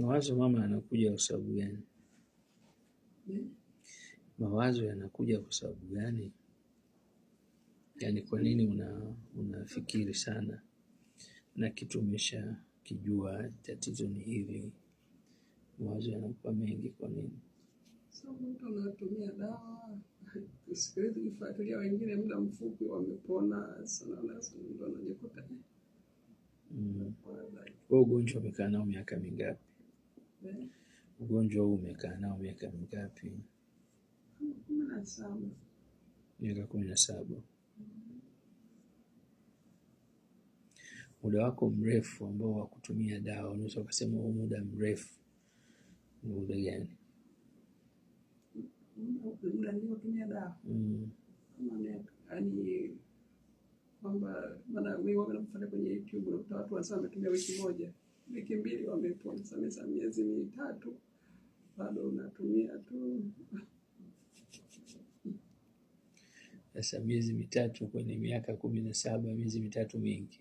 Mawazo mama yanakuja kwa sababu gani? Mawazo yanakuja kwa sababu gani? Yaani, kwa nini una unafikiri sana na kitu umesha kijua tatizo ni hili? Mawazo yanakuwa mengi kwa nini? Sababu mtu anatumia dawa siku hizi kufuatilia wengine, muda mfupi wamepona sana, mtu anajikuta mm. Ugonjwa umekaa nao miaka mingapi? Ugonjwa huu umekaa nao miaka mingapi? Miaka kumi na saba. Muda wako mrefu ambao wa kutumia dawa, unaweza ukasema huu muda mrefu ni muda gani? Mm. Yaani, kwamba maana mimi waga namfuata kwenye YouTube, unakuta watu wanasema wametumia wiki moja wiki mbili wamepona. Sasa miezi mitatu bado unatumia tu. Sasa miezi mitatu kwenye miaka kumi na saba miezi mitatu mingi.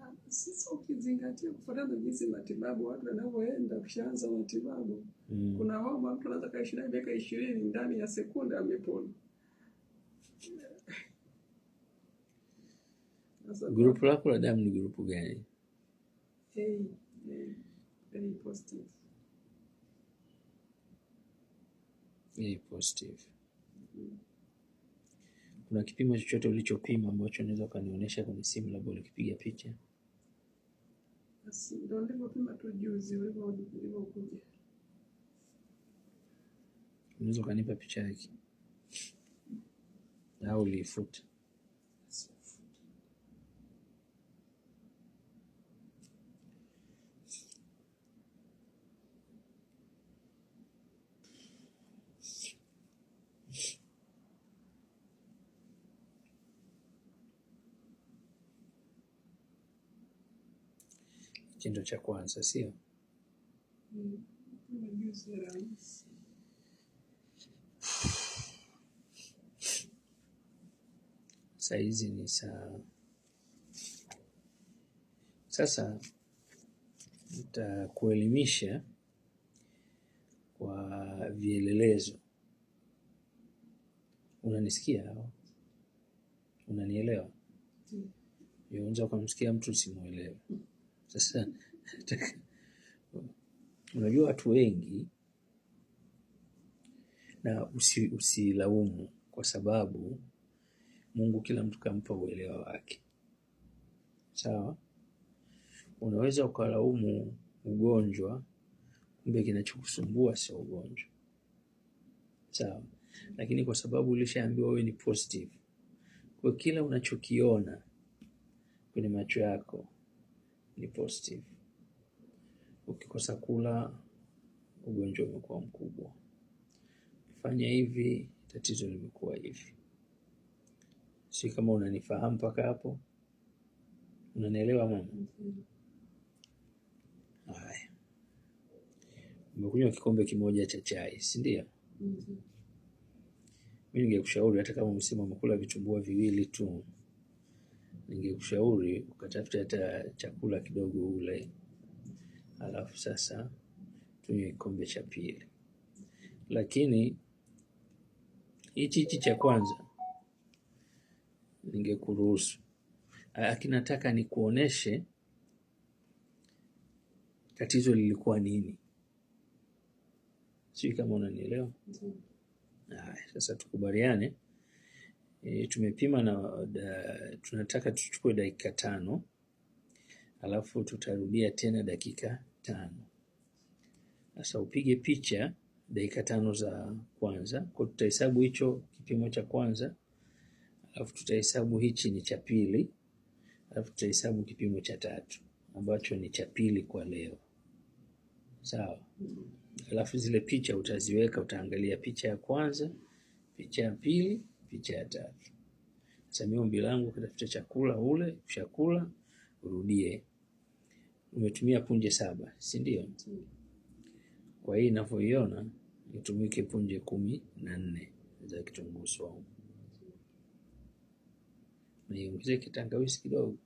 Ah, sasa ukizingatia kufuatana jinsi matibabu watu wanavyoenda, ukishaanza matibabu mm. kuna wama mtu anaweza kaishi naye miaka ishirini ndani ya sekunde amepona. Grupu lako la damu ni grupu gani? very, very, very positive. Very positive. Mm-hmm. Kuna kipimo chochote ulichopima ambacho unaweza ukanionyesha kwenye simu, labda ulikipiga picha? Ndo nilivyopima tu juzi ulivyokuja. Unaweza ukanipa picha yake au uliifuta? hiki cha kwanza, sio? Saa hizi ni saa sasa, nitakuelimisha kwa vielelezo. Unanisikia au unanielewa? Unaweza kumsikia mtu usimuelewe. Sasa unajua watu wengi, na usi, usilaumu kwa sababu Mungu kila mtu kampa uelewa wake, sawa. Unaweza ukalaumu ugonjwa, kumbe kinachokusumbua sio ugonjwa, sawa. Lakini kwa sababu ulishaambiwa wewe ni positive, kwa kila unachokiona kwenye macho yako ni positive. Ukikosa kula, ugonjwa umekuwa mkubwa. Fanya hivi, tatizo limekuwa hivi. Si kama unanifahamu mpaka hapo? Unanielewa mama? Haya, umekunywa kikombe kimoja cha chai, si ndio? Mm-hmm. Mimi ningekushauri hata kama msimu umekula vitumbua viwili tu ningekushauri ukatafuta hata chakula kidogo ule, alafu sasa tunywe kikombe cha pili. Lakini hichi hichi cha kwanza ningekuruhusu, akinataka nikuoneshe tatizo lilikuwa nini. Sijui kama unanielewa. Haya, sasa tukubaliane E, tumepima na da, tunataka tuchukue dakika tano alafu tutarudia tena dakika tano. Sasa upige picha dakika tano za kwanza, kwa tutahesabu hicho kipimo cha kwanza, alafu tutahesabu hichi ni cha pili, alafu tutahesabu kipimo cha tatu ambacho ni cha pili kwa leo, sawa. Alafu zile picha utaziweka, utaangalia picha ya kwanza, picha ya pili picha ya tatu. Sasa mimi ombi langu ukatafuta chakula ule, chakula urudie. Umetumia punje saba, si ndio? Kwa hii ninavyoiona itumike punje kumi na nne za kitunguu swaumu, niongeze kitangawizi kidogo,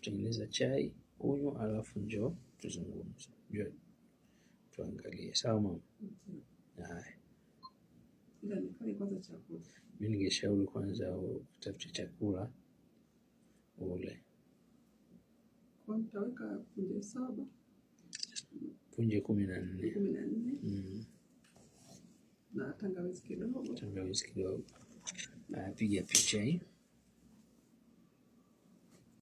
tengeneza chai unywa, alafu njoo tuzungumze, njoo tuangalie. Sawa mama? Haya. Mi ningeshauri kwanza utafute chakula ule punje kumi na nne mm. tangawizi kidogo, piga picha hii